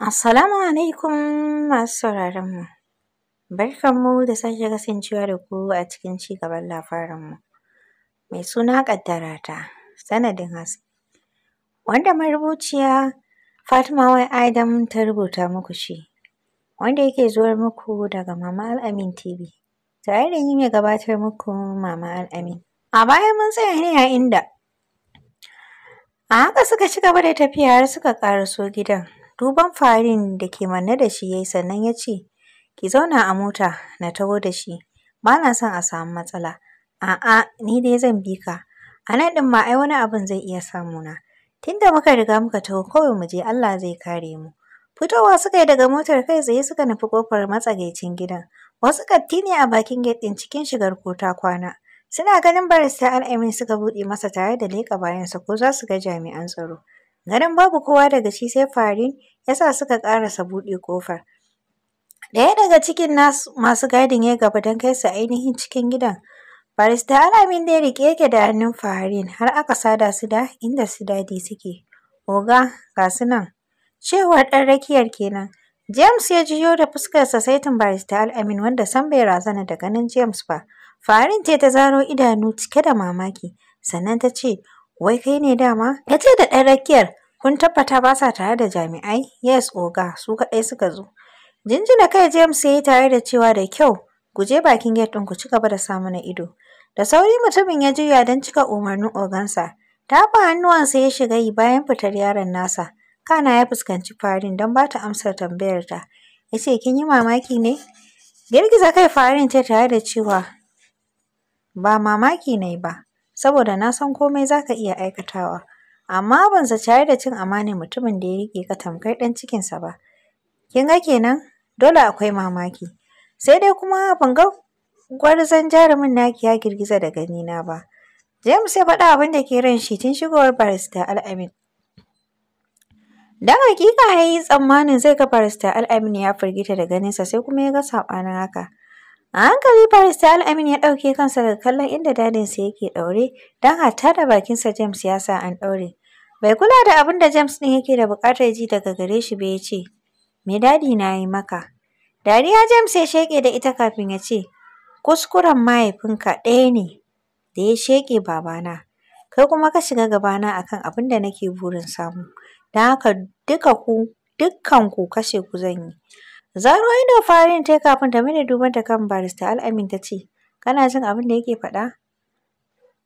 Assalamu alaikum masu sauraron mu. Barkan mu da sake kasancewa da ku a cikin ci gaban labarin mu. Mai suna ƙaddara ta sanadin haske. Wanda marubuciya Fatima Y Adam ta rubuta muku shi. Wanda yake zuwar muku daga Mama Al'amin TV. Tare da yin mai gabatar muku Mama Al'amin. A baya mun tsaya ne a inda. A haka suka ci gaba da tafiya har suka ƙaraso gidan. duban farin da ke manne da shi ya yi sannan ya ce, Ki zauna a mota na taho da shi, ba na son a samu matsala. A'a, ni dai zan bi ka. A nan ɗin ma ai wani abin zai iya samu na. Tunda muka riga muka taho kawai mu je Allah zai kare mu. Fitowa suka yi daga motar kai tsaye suka nufi ƙofar matsagaicin gidan. Wasu katti ne a bakin gate ɗin cikin shigar kota kwana. Suna ganin barista al'amin suka buɗe masa tare da leƙa bayansa ko za su ga jami'an tsaro. Ganin babu kowa daga shi sai fari ya sa suka ƙarasa buɗe kofar. Ɗaya daga cikin nasu masu gadin ya gaba don kai su ainihin cikin gidan. Barista Alamin ya riƙe yake da hannun Farin har aka sada su da inda su dadi suke. Oga ga su nan. Cewar ɗan rakiyar kenan. James ya jiyo da fuskarsa saitin barista Al'amin wanda san bai razana da ganin James ba. Farin ce ta zaro idanu cike da mamaki, sannan ta ce, Wai kai ne dama? Ya ce da ɗan rakiyar, kun tabbata ba sa tare da jami'ai? Yes, oga, su kaɗai suka zo. Jinjina kai James ya yi tare da cewa da kyau, guje bakin gate ɗin ku ci gaba da samu na ido. Da sauri mutumin ya juya don cika umarnin ogansa. Tafa hannuwansa ya shiga yi bayan fitar yaron nasa. Kana ya fuskanci farin don ba ta amsar tambayar ta. Ya ce, kin yi mamaki ne? Girgiza kai farin ce tare da cewa, ba mamaki ne ba. saboda na san komai za ka iya aikatawa. Amma ban zaci da cin amanar mutumin da ya riƙe ka tamkar ɗan cikinsa ba. Kin ga kenan dole akwai mamaki. Sai dai kuma ban ga gwarzon jarumin naki ya girgiza da ganina ba. James ya faɗa abin da ke ran shi tun shigowar barista Al'amin. Dan hakika ya yi tsammanin zai ga barista Al'amin ya firgita da ganinsa sai kuma ya ga saɓanin haka. A hankali ta Al'amin ya ɗauke kansa daga kallon inda dadinsa yake ɗaure, don hatta da bakinsa James ya sa an ɗaure. Bai kula da abin da James ɗin yake da buƙatar ji daga gare shi ba ya ce, Me dadi na yi maka? Dariya James ya sheƙe da ita kafin ya ce, Kuskuren mahaifinka ɗaya ne da ya sheƙe babana, kai kuma ka shiga gabana akan abin da nake burin samu, don haka duka ku kashe ku zan yi. Zaro ido farin ta kafin ta mini duban ta kan barista al'amin ta ce, kana jin abin da yake faɗa?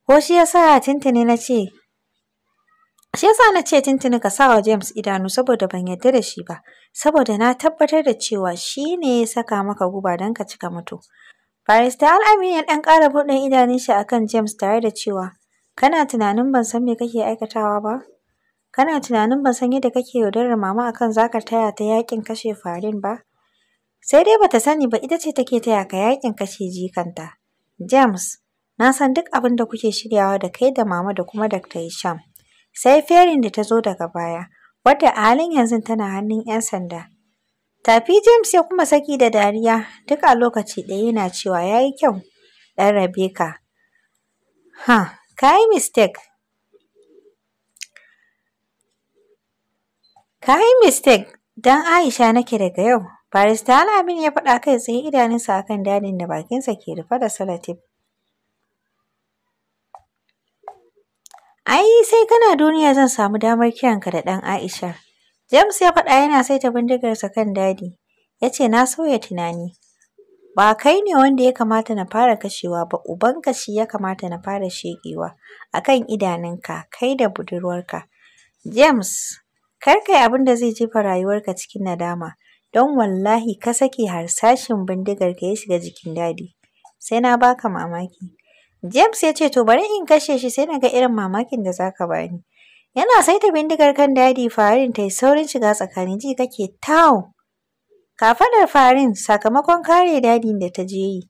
Ko shi ya sa tintini na ce, shi ya sa na ce tintini ka sa wa James idanu saboda ban yarda da shi ba, saboda na tabbatar da cewa shi ne ya saka maka guba don ka cika mutu. Barista al'amin ya ɗan ƙara buɗe idanun shi a James tare da cewa, kana tunanin ban san me kake aikatawa ba? Kana tunanin ban san yadda kake yaudarar mama akan za taya ta yakin kashe farin ba? Sai dai bata sani ba ita ce take taya ka yakin kashe jikanta. James, na san duk abin da kuke shiryawa da kai da mama da kuma Dr. Isham. Sai ferin da ta zo daga baya, wadda a halin yanzu tana hannun 'yan sanda. Tafi James ya kuma saki da dariya duk a lokaci ɗaya yana cewa ya yi kyau ɗan Rebecca. Ha, ka yi mistake. Ka yi mistake don Aisha nake daga yau. Barista Alamin ya faɗa kai tsaye idanunsa akan dadin da bakinsa ke rufe da salatif. Ai sai kana duniya zan samu damar kiyanka da ɗan Aisha. James ya faɗa yana saita bindigarsa kan dadi. Ya ce na sauya tunani. Ba kai ne wanda ya kamata na fara kashewa ba ubanka shi ya kamata na fara sheƙewa a kan idanunka kai da budurwarka. James kar ka yi abin da zai jefa rayuwarka cikin nadama. don wallahi ka sake harsashin bindigar ka ya shiga jikin dadi. Sai na baka mamaki. James ya ce to bari in kashe shi sai na ga irin mamakin da za zaka bani. Yana saita bindigar kan dadi farin ta yi saurin shiga tsakanin ji kake tawo. Kafadar farin sakamakon kare dadin da ta je yi.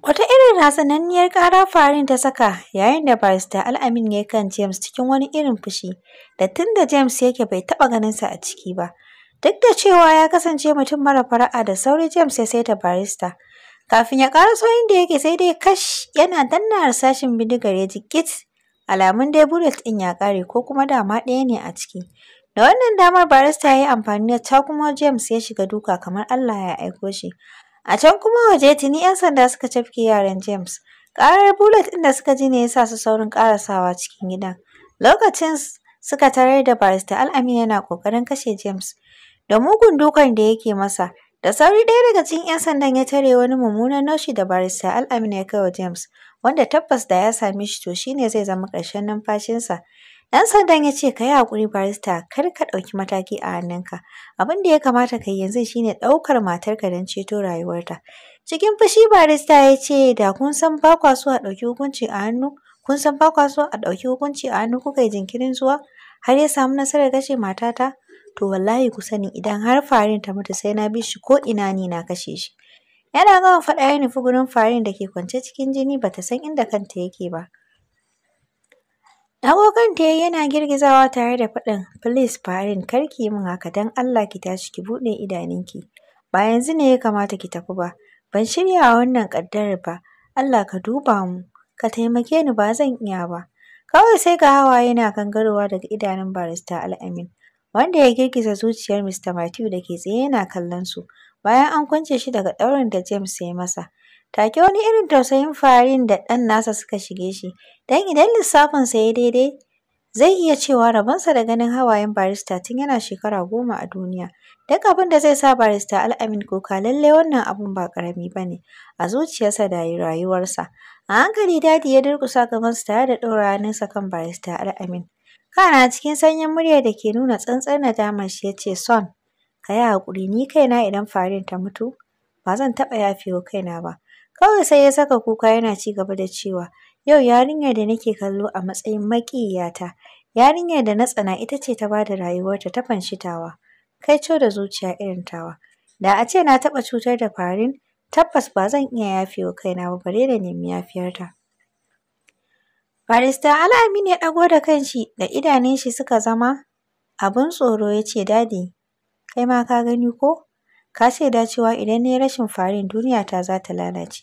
Wata irin ratsananniyar ƙara farin ta saka yayin da barista Al'amin ya kan James cikin wani irin fushi da tun da James yake bai taɓa ganinsa a ciki ba. Duk da cewa ya kasance mutum mara fara'a da sauri James ya saita barista. Kafin ya ƙaraso inda yake sai dai kash yana danna harsashin bindigar ya ji Alamun dai bullet ɗin ya ƙare ko kuma dama ɗaya ne a ciki. Da wannan damar barista ya yi amfani da ta James ya shiga duka kamar Allah ya aiko shi. A can kuma waje tuni 'yan sanda suka cafke yaran James. Ƙarar bullet ɗin da suka ji ne ya sa su saurin ƙarasawa cikin gidan. Lokacin suka tarar da barista Al'amin yana ƙoƙarin kashe James. da mugun dukan da yake masa. Da sauri ɗaya daga cikin 'yan sandan ya tare wani mummunan naushi da barista al'amina ya kai wa James, wanda tabbas da ya same shi to shine zai zama ƙarshen numfashinsa. Ɗan sandan ya ce ka yi haƙuri barista kar ka ɗauki mataki a hannunka. Abin da ya kamata ka yi yanzu shine ɗaukar matarka don ceto rayuwarta. Cikin fushi barista ya ce da kun san ba kwa so a ɗauki hukunci a hannu kun san ba kwa so a ɗauki hukunci a hannu kuka yi jinkirin zuwa har ya samu nasarar kashe matata. to wallahi ku sani idan har farin ta mutu sai na bi shi ko ina ni na kashe shi yana gama faɗa ya nufi gurin farin da ke kwance cikin jini ba ta san inda kanta yake ba Agogon ta yana girgizawa tare da faɗin please farin karki min haka don Allah ki tashi ki buɗe idanunki ba yanzu ne ya kamata ki tafi ba ban shirya wannan ƙaddarar ba Allah ka duba mu ka taimake ni ba zan iya ba kawai sai ga hawaye na gangarowa daga idanun barista al'amin wanda ya girgiza zuciyar Mr. Matthew da ke tsaye yana kallon su. Bayan an kwance shi daga ɗaurin da James ya masa, take wani irin tausayin farin da ɗan nasa suka shige shi, don idan lissafinsa ya daidai, zai iya cewa rabonsa da ganin hawayen barista tun yana shekara goma a duniya. Duk abin da zai sa barista Al'amin kuka lallai wannan abun ba karami ba ne a zuciyarsa da rayuwarsa. A hankali dadi ya durƙusa gabansa tare da ɗora hannunsa kan barista Al'amin. Kana cikin sanyin murya da ke nuna tsantsar nadamar shi ya ce, Son, ka yi haƙuri, ni kaina idan Farin ta mutu, ba zan taɓa yafewa kaina ba. Kawai sai ya saka kuka yana ci gaba da cewa, Yau yarinyar da nake kallo a matsayin maƙiyata, yarinyar da na tsana ita ce ta bada rayuwarta ta fanshi tawa. co da zuciya irin tawa. Da a ce na taɓa cutar da Farin, tabbas ba zan iya yafewa kaina ba bare da nemi yafiyarta. Barista Al'amin ya ɗago da kanshi da idanun shi suka zama abin tsoro ya ce, Dadi, kai ma ka gani ko? Ka shaida cewa idan na yi rashin farin duniya ta za ta lalace.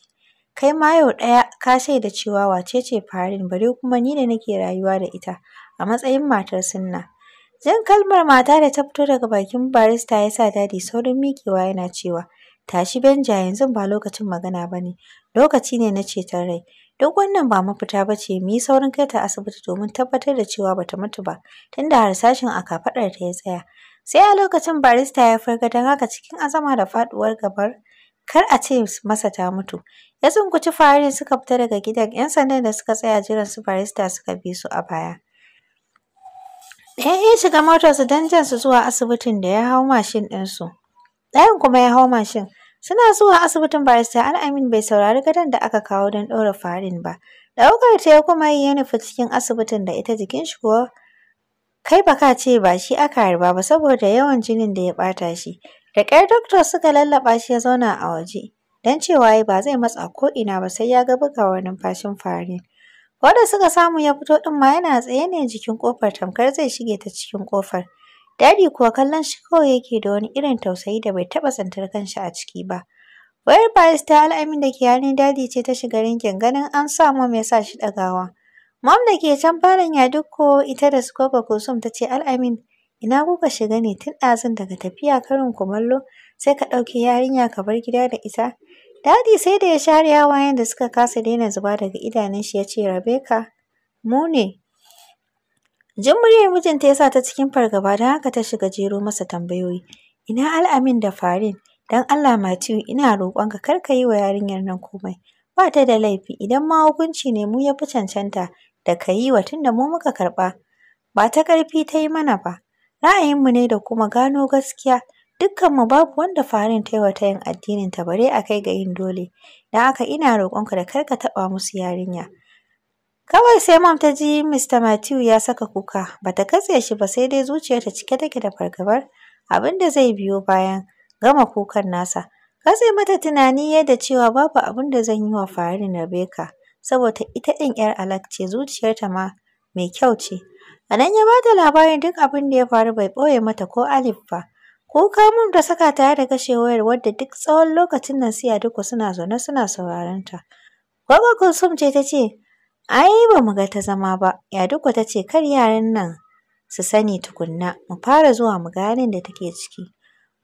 Kai ma yau ɗaya ka shaida cewa wace ce farin bare kuma ni da nake rayuwa da ita a matsayin matar sunna. Jan kalmar mata da ta fito daga bakin barista ya sa Dadi saurin miƙewa yana cewa, Tashi Benja yanzu ba lokacin magana ba ne, lokaci ne na ceton rai. Duk wannan ba mafita ba ce, mu yi saurin kai ta asibiti domin tabbatar da cewa bata mutu ba, tunda harsashin a ta ya tsaya. Sai a lokacin barista ya farga don haka cikin azama da faɗuwar gabar, kar a ce masa ta mutu. Ya tsunkuci farin suka fita daga gidan, 'yan sandan da suka tsaya jiran su barista suka bi su a baya. Ɗaya ya shiga motarsa don jan su zuwa asibitin da ya hau mashin ɗinsu. Ɗayan kuma ya hau mashin. Suna zuwa asibitin barista Al'amin bai saurari gadon da aka kawo don ɗora farin ba. Ɗaukar ta ya kuma yi ya nufi cikin asibitin da ita jikin shi kuwa kai baka ce ba shi aka harba ba saboda yawan jinin da ya ɓata shi. Da ƙyar doctor suka lallaɓa shi ya zauna a waje. Don cewa ba zai matsa ko ina ba sai ya ga bugawar numfashin farin. Wanda suka samu ya fito ɗin ma yana tsaye ne jikin ƙofar tamkar zai shige ta cikin ƙofar. Dadi kuwa kallon shi kawai yake da wani irin tausayi da bai taɓa kan shi a ciki ba. Wayar Paris ta al'amin da ke hannun dadi ce ta shiga rinkin ganin an sa mom ya sa shi ɗagawa. Mom da ke can falon dukko ita da Scopa Kusum ta ce al'amin ina kuka shiga ne tun ɗazun daga tafiya karin kumallo sai ka ɗauki yarinya ka bar gida da ita. Dadi sai da ya share hawayen da suka kasa daina zuba daga idanun shi ya ce Rebecca mu ne Jin muryar mijinta ya sa ta cikin fargaba don haka ta shiga jero masa tambayoyi. Ina al'amin da farin? Don Allah Matiyu ina roƙonka kar ka yi wa yarinyar nan komai. Ba ta da laifi idan ma hukunci ne mu ya fi cancanta da ka yi wa tunda mu muka karɓa. Ba ta ƙarfi ta yi mana ba. Ra'ayinmu ne da kuma gano gaskiya. Dukkanmu babu wanda farin ta yi wa ta yin addininta bare a kai ga yin dole. Don haka ina roƙonka da kar ka taɓa musu yarinya. Kawai sai mam ta ji Mr. Matthew ya saka kuka, bata katse shi ba sai dai zuciyarta cike take da fargabar abin da zai biyo bayan gama kukan nasa. Katse mata tunani yadda cewa babu abin da zan yi wa Farin Rebecca, saboda ita ɗin 'yar alak ce zuciyarta ma mai kyau ce. A nan ya bata labarin duk abin da ya faru bai ɓoye mata ko alif ba. Kuka mun da saka tare da kashe wayar wadda duk tsawon lokacin nan siya duka suna zaune suna sauraron ta. Gwagwa Kulsum ce ta ce, Ai ba mu ga ta zama ba, Ya duk ta ce kar yaran nan su sani tukunna, mu fara zuwa mu ga halin da take ciki.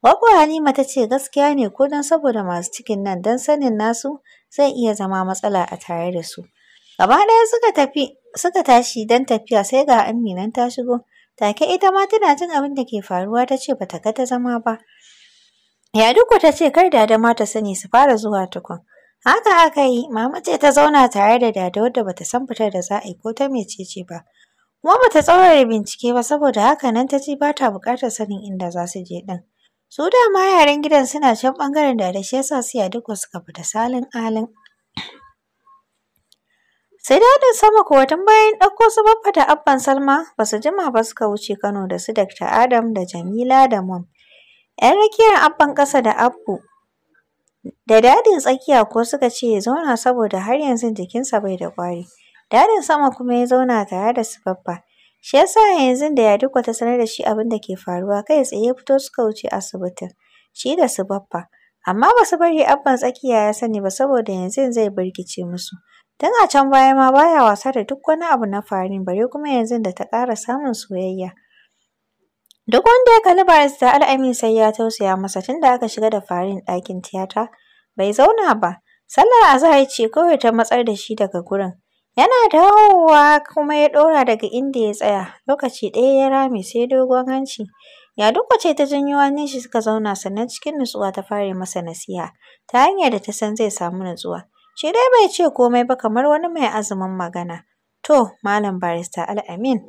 wako Halima ta ce gaskiya ne ko don saboda masu cikin nan don sanin nasu zai iya zama matsala a tare da su. Gaba ɗaya suka tafi suka tashi don tafiya sai ga Amminan ta shigo. Take ita ma tana jin abin da ke faruwa ta ce ba ga ta zama ba. Ya duk ta ce kar da ma ta sani su fara zuwa tukun. Haka aka yi, mama ce ta zauna tare da dada wadda bata san fitar da za a yi ko ta mai mecece ba. Kuma bata tsaurara bincike ba saboda haka nan ta ce ta buƙatar sanin inda za su je ɗin. Su da ma yaran gidan suna can ɓangaren da shi yasa su wasu suka fita salin alin. Sai dadin sama kuwa tun bayan ɗauko su babba da Abban Salma ba su jima ba suka wuce Kano da su Dakta Adam da Jamila da Mom. ‘Yan rakiyar Abban ƙasa da Abbu Da dadin tsakiya ko suka ce ya zauna saboda har yanzu jikinsa bai da kwari Dadin sama kuma ya zauna tare da su Shi yasa yanzu da duk ta sanar da shi abin da ke faruwa kai tsaye ya fito suka wuce asibitin, shi da su Amma ba su bari Abban tsakiya ya sani ba saboda yanzu zai birkice musu. Tun a can baya ma baya wasa da duk wani abu na farin bare kuma yanzu da ta ƙara samun soyayya. Duk wanda ya kalli barista Al'amin sai ya tausaya masa tun da aka shiga da farin ɗakin tiyata. Bai zauna ba, sallar azahar ce kawai ta matsar da shi daga gurin. Yana dawowa kuma ya ɗora daga inda ya tsaya, lokaci ɗaya ya rame sai dogon hanci. Ya ce ta janyo hannun shi suka zauna sannan cikin nutsuwa ta fara masa nasiha ta hanyar da ta san zai samu nutsuwa. Shi dai bai ce komai ba kamar wani mai azumin magana. To, Malam Barista Al'amin.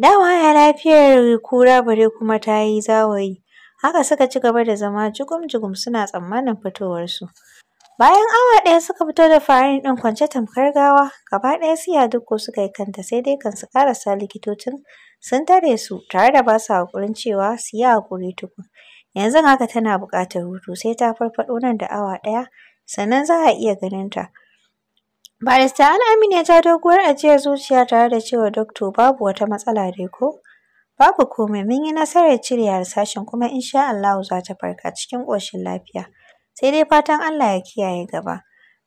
Dama ya lafiyar kura bare kuma ta yi zawayi. Haka suka ci gaba da zama jugum-jugum suna tsammanin fitowarsu. Bayan awa ɗaya suka fito da farin ɗin kwance tamkar gawa, gaba ɗaya su ko suka yi kanta sai dai kan su ƙarasa likitocin sun tare su tare da ba su haƙurin cewa su yi haƙuri tukun. Yanzu haka tana buƙatar hutu sai ta farfaɗo nan da awa ɗaya sannan za a iya ganin ta. Barista Al-Amin ya ta doguwar ajiyar zuciya tare da cewa Dokto babu wata matsala dai ko? Babu komai mun yi nasarar cire harsashin kuma insha Allahu za ta farka cikin ƙoshin lafiya. Sai dai fatan Allah ya kiyaye gaba.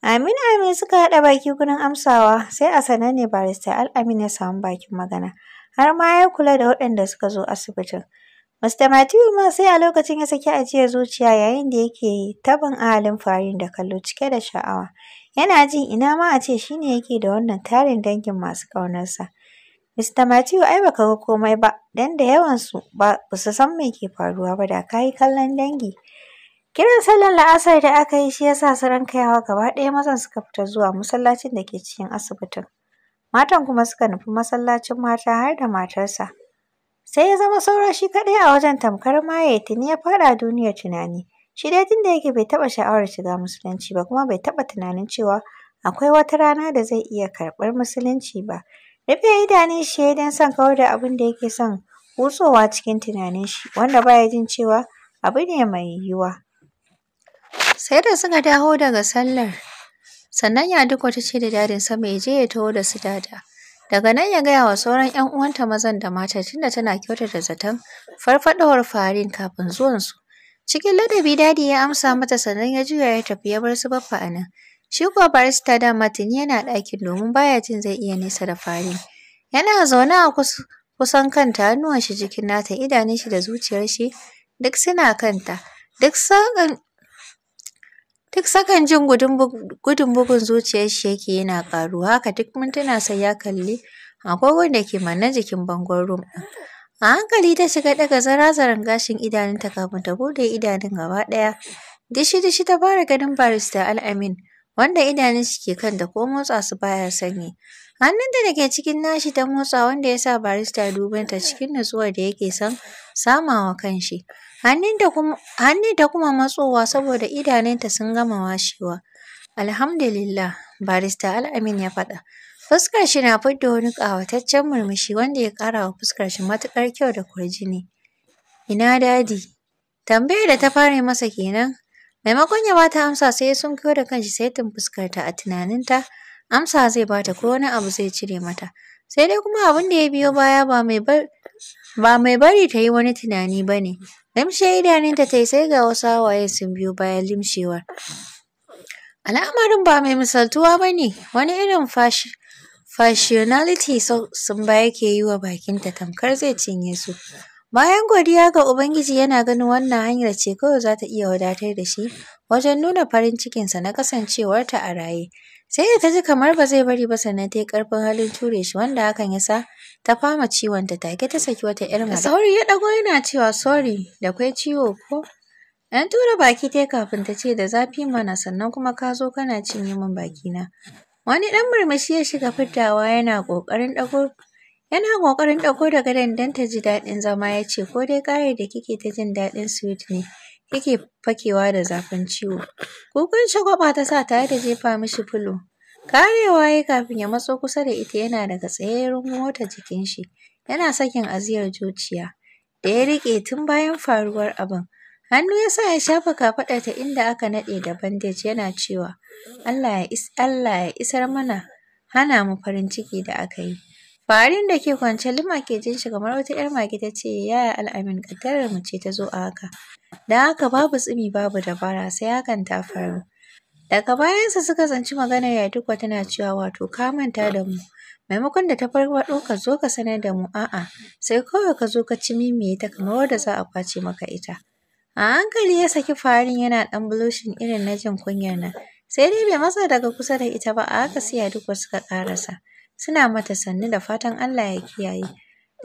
Amin amin suka haɗa baki gurin amsawa sai a sanar ne barista Al-Amin ya samu bakin magana. Har ma ya kula da waɗanda suka zo asibitin. Mr. Matthew ma sai a lokacin ya saki ajiyar zuciya yayin da yake tabin ahalin farin da kallo cike da sha'awa. Yana jin ina ma a ce shi ne yake da wannan tarin dangin masu kaunarsa. Mr. Matthew ai baka ga komai ba, don da yawansu ba su san me ke faruwa ba da ka yi kallon dangi. Kiran sallar la'asar da aka yi shi ya sa su rankayawa gaba ɗaya mazan suka fita zuwa masallacin da ke cikin asibitin. Matan kuma suka nufi masallacin mata har da matarsa. Sai ya zama saura shi kaɗai a wajen tamkar maye tuni ya faɗa duniyar tunani. Shi dai tun da yake bai taɓa sha'awar shiga musulunci ba kuma bai taɓa tunanin cewa akwai wata rana da zai iya karɓar musulunci ba. Rufe idanun shi ya yi kawar da abin da yake son wutsowa cikin tunanin shi wanda ba ya jin cewa abu ne mai yiwuwa. Sai da suka dawo daga sallar sannan ya duk wata ce da dadin sama mai je ya taho da su dada. Daga nan ya gaya wa sauran 'yan uwanta mazan da mata tunda tana kyautata zaton farfaɗowar farin kafin zuwansu. Cikin ladabi dadi ya amsa mata sannan ya juya ya tafi ya bar su baffa a nan. Shi kuwa barista dama tuni yana ɗakin domin baya jin zai iya nesa da fari. Yana zaune a kusan kanta hannuwan shi jikin nata idanun shi da zuciyar shi duk suna kanta. Duk sakan duk sakan jin gudun bugun zuciyar shi yake yana ƙaruwa haka duk mintuna sai ya kalli agogon da ke manne jikin bangon room ɗin. A hankali ta shiga ɗaga zarazaran gashin idanunta kafin ta bude idanun gaba ɗaya. Dishi-dishi ta fara ganin barista Al'amin, wanda idanun shi ke da ko motsa su baya sanyi. Hannun da ke cikin nashi ta motsa wanda ya sa barista ta cikin nutsuwar da yake son samawa kanshi. Hannun da kuma matsowa saboda idanunta sun gama washewa. Alhamdulillah, barista Al'amin ya faɗa. Fuskar shi na fidda wani ƙawataccen murmushi wanda ya ƙara wa fuskar shi matuƙar kyau da kwarjini. Ina dadi? Tambayar da ta fara masa kenan. Maimakon ya bata amsa sai ya sunkuyo da kanshi sai tun fuskarta a tunaninta amsa zai bata ko wani abu zai cire mata. Sai dai kuma abin da ya biyo baya ba mai bar ba mai bari ta yi wani tunani ba ne. Limshe idanunta ta yi sai ga wasu hawaye sun biyo bayan limshewar. Al'amarin ba mai misaltuwa ba ne, wani irin fashi Fashionality Sumba yake yi wa bakinta tamkar zai cinye su. Bayan godiya ga Ubangiji yana ganin wannan hanyar ce kawai za ta iya wadatar da shi wajen nuna farin cikinsa na kasancewarta a raye. Sai da ta ji kamar ba zai bari ba sannan ta yi ƙarfin halin ture shi wanda hakan ya sa ta fama ciwon ta take ta saki wata ‘yar mara. Sauri ya ɗago yana cewa sorry da kwai ciwo ko? "Yan tura baki ta kafin ta ce da zafi mana sannan kuma ka zo kana cinye min bakina. Wani ɗan murmushi ya shiga fiddawa yana ƙoƙarin ɗago yana ƙoƙarin ɗago da gadon don ta ji daɗin zama ya ce ko dai ƙarar da kike ta jin daɗin sweet ne kike fakewa da zafin ciwo. Kukan shagwaɓa ta sa tare da jefa mishi fulo. Karewa ya yi kafin ya matso kusa da ita yana daga tsaye ya jikin shi yana sakin ajiyar zuciya da ya riƙe tun bayan faruwar abin. Hannu ya sa ya shafa kafaɗarta inda aka naɗe da bandej yana cewa Allah ya isar mana hana mu farin ciki da aka yi. Farin da ke kwance lima ke jin shi kamar wata ‘yar mage ta ce ya al'amin kaddarar mu ce ta zo a haka. Da haka babu tsimi babu dabara sai hakan ta faru. Daga bayansa suka tsinci maganar Yadikwa tana cewa wato ka manta da mu. Maimakon da ta farfaɗo ka zo ka sanar da mu a'a sai kawai ka zo ka ci mimiye ta kamar wadda za a kwace maka ita. A hankali ya saki farin yana ɗan bulushin irin na jin kunyar nan. sai dai bai matsa daga kusa da ita ba a haka sai ya Yaduko suka ƙarasa suna mata sannu da fatan Allah ya kiyaye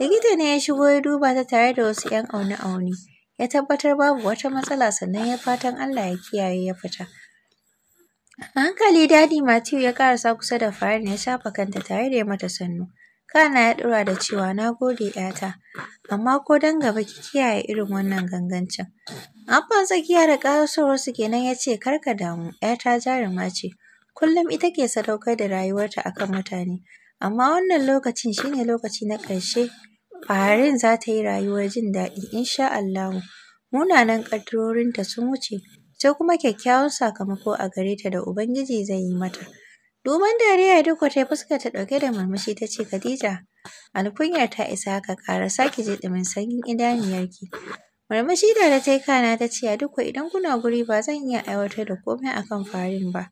likita ne ya shigo ya duba ta tare da wasu yan auni aune-aune ya tabbatar babu wata matsala sannan ya fatan Allah ya kiyaye ya fita hankali dadi Matthew ya ƙarasa kusa da Farin ya shafa kanta tare da ya mata sannu Kana ya ɗora da cewa na gode ‘yata, amma ko don gaba ki kiyaye irin wannan gangancin. Abban tsakiya da ƙarasowarsu kenan ya ce kar ka damu ‘yata jaruma ce kullum ita ke sadaukar da rayuwarta akan mutane amma wannan lokacin shine lokaci na ƙarshe Faharin za ta yi rayuwar jin daɗi insha Allahu munanan ƙaddarorinta sun wuce sai kuma kyakkyawan sakamako a gare ta da Ubangiji zai yi mata. Duban dariya duk ta fuska ta ɗauke da murmushi ta ce Khadija alkunyar ta isa haka ƙara sake ji ɗumin sanyin idaniyarki Marmashi da da ta yi kana ta ce, Yaduko idan kuna guri ba zan iya aiwatar da komai akan farin ba.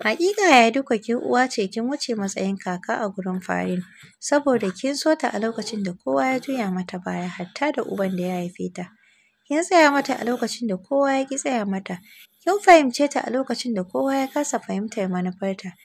Haƙiƙa duka, kin uwa ce kin wuce matsayin kaka a gurin farin, saboda kin so ta a lokacin da kowa ya juya mata baya hatta da uban da ya haife ta. Kin tsaya mata a lokacin da kowa ya ƙi tsaya mata, kin fahimce ta a lokacin da kowa ya kasa fahimtar manufarta.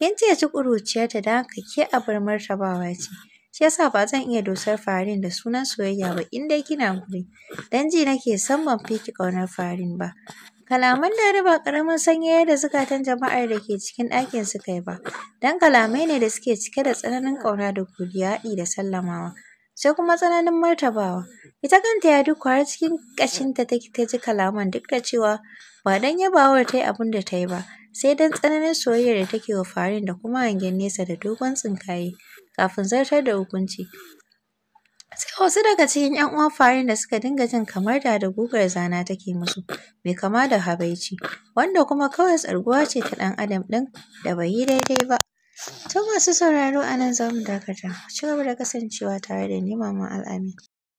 Kin ce ceci ƙuruciyarta da haka ke abar martabawa ce. Shi yasa ba zan iya dosar Farin da sunan soyayya ba in dai kina guri. Dan ji nake san ban fi ki Farin ba. Kalaman Lare ba ƙaramin sanyaya da zukatan jama'ar da ke cikin ɗakin su kai ba. Dan kalamai ne da suke cike da tsananin ƙauna da godiya haɗi da sallamawa. sai kuma tsananin martabawa. Ita kanta ya duk har cikin ƙashinta ta ta ji kalaman duk da cewa ba dan yabawar ta yi abin da ta yi ba, sai dan tsananin soyayyar da take wa farin da kuma hangen nesa da dogon tsinkaye. kafin zartar da hukunci. Sai wasu daga cikin ‘yan uwan farin da suka dinga jin kamar da da gugar zana take musu, mai kama da habaici, wanda kuma kawai tsarguwa ce ta ɗan adam ɗin da bai yi daidai ba. To masu sauraro a nan za mu dakata, ci gaba da kasancewa tare da ni Maman Al'amin.